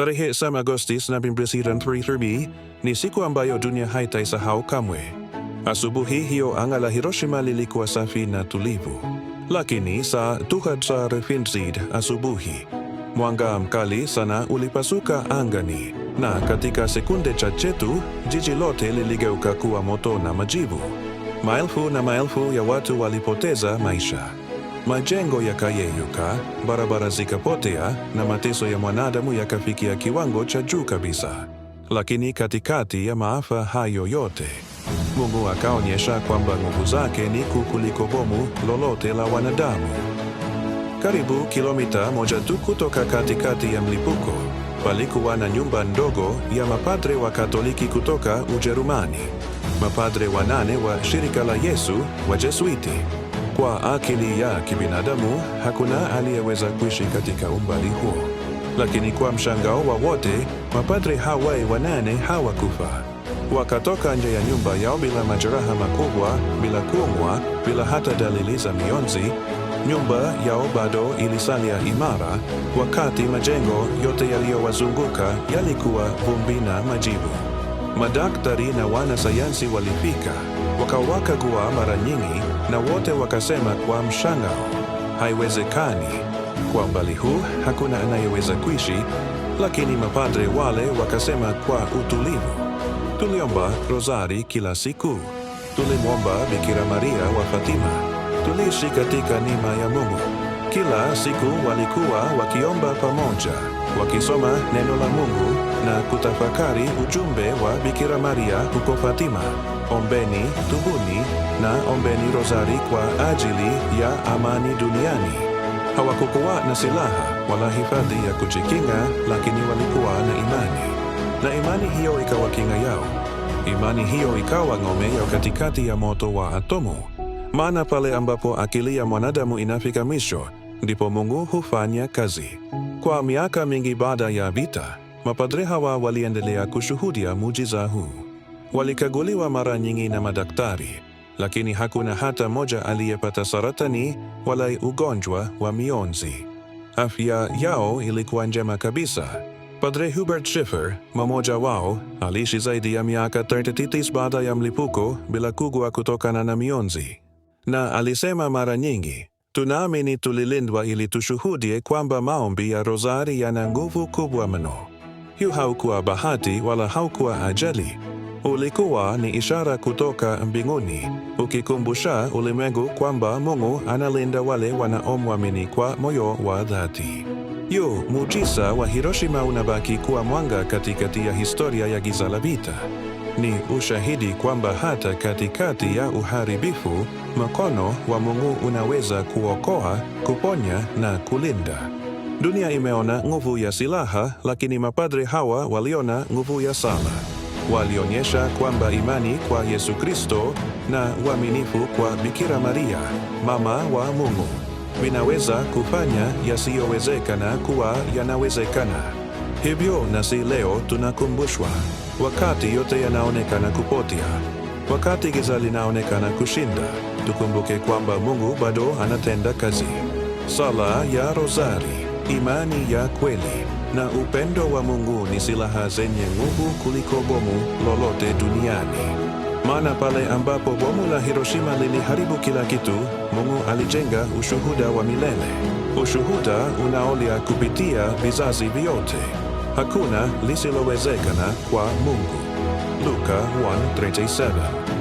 Tarehe 7 Agosti 1937 ni siku ambayo dunia haitaisahau kamwe. Asubuhi hiyo anga la Hiroshima lilikuwa safi na tulivu, lakini saa tuhad saa refinzid asubuhi, mwanga mkali sana ulipasuka angani, na katika sekunde chache tu jiji lote liligeuka kuwa moto na majivu. Maelfu na maelfu ya watu walipoteza maisha. Majengo yakayeyuka, barabara zikapotea na mateso ya mwanadamu yakafikia ya kiwango cha juu kabisa. Lakini katikati ya maafa hayo yote, Mungu akaonyesha kwamba nguvu zake ni kuu kuliko bomu lolote la wanadamu. Karibu kilomita moja tu kutoka katikati ya mlipuko, palikuwa na nyumba ndogo ya mapadre wa Katoliki kutoka Ujerumani, mapadre wanane wa shirika la Yesu wa Jesuiti. Kwa akili ya kibinadamu hakuna aliyeweza kuishi katika umbali huo, lakini kwa mshangao wa wote, mapadri hawai wanane hawakufa. Wakatoka nje ya nyumba yao bila majeraha makubwa, bila kuumwa, bila hata dalili za mionzi. Nyumba yao bado ilisalia imara, wakati majengo yote yaliyowazunguka yalikuwa vumbi na majivu. Madaktari na wanasayansi walifika, wakawakagua mara nyingi na wote wakasema kwa mshangao, haiwezekani, kwa umbali huu hakuna anayeweza kuishi. Lakini mapadre wale wakasema kwa utulivu, tuliomba rosari kila siku, tulimwomba Bikira Maria wa Fatima, tuliishi katika nima ya Mungu. Kila siku walikuwa wakiomba pamoja, wakisoma neno la Mungu na kutafakari ujumbe wa Bikira Maria huko Fatima. Ombeni, tubuni na ombeni rosari kwa ajili ya amani duniani. Hawakukuwa na silaha wala hifadhi ya kujikinga, lakini walikuwa na imani, na imani hiyo ikawa kinga yao. Imani hiyo ikawa ngome yao katikati ya moto wa atomu. Maana pale ambapo akili ya mwanadamu inafika mwisho, ndipo Mungu hufanya kazi. Kwa miaka mingi baada ya vita, mapadre hawa waliendelea kushuhudia muujiza huu. Walikaguliwa mara nyingi na madaktari, lakini hakuna hata moja aliyepata saratani wala ugonjwa wa mionzi. Afya yao ilikuwa njema kabisa. Padre Hubert Schiffer, mmoja wao, aliishi zaidi ya miaka 39 baada ya mlipuko bila kugua kutokana na mionzi na alisema mara nyingi, tunaamini tulilindwa ili tushuhudie kwamba maombi ya Rozari yana nguvu kubwa mno. Hiyo haukuwa bahati wala haukuwa ajali, ulikuwa ni ishara kutoka mbinguni, ukikumbusha ulimwengu kwamba Mungu analinda wale wanaomwamini kwa moyo wa dhati. Yo, muujiza wa Hiroshima unabaki kuwa mwanga katikati ya historia ya giza la vita ni ushahidi kwamba hata katikati ya uharibifu, mkono wa Mungu unaweza kuokoa, kuponya na kulinda. Dunia imeona nguvu ya silaha, lakini mapadre hawa waliona nguvu ya sala. Walionyesha kwamba imani kwa Yesu Kristo na uaminifu kwa Bikira Maria, mama wa Mungu, vinaweza kufanya yasiyowezekana kuwa yanawezekana. Hivyo nasi leo tunakumbushwa wakati yote yanaonekana kupotea, wakati giza linaonekana kushinda, tukumbuke kwamba Mungu bado anatenda kazi. Sala ya Rozari, imani ya kweli na upendo wa Mungu ni silaha zenye nguvu kuliko bomu lolote duniani. Maana pale ambapo bomu la Hiroshima liliharibu kila kitu, Mungu alijenga ushuhuda wa milele, ushuhuda unaolia kupitia vizazi vyote hakuna lisilowezekana kwa Mungu. Luka 1:37.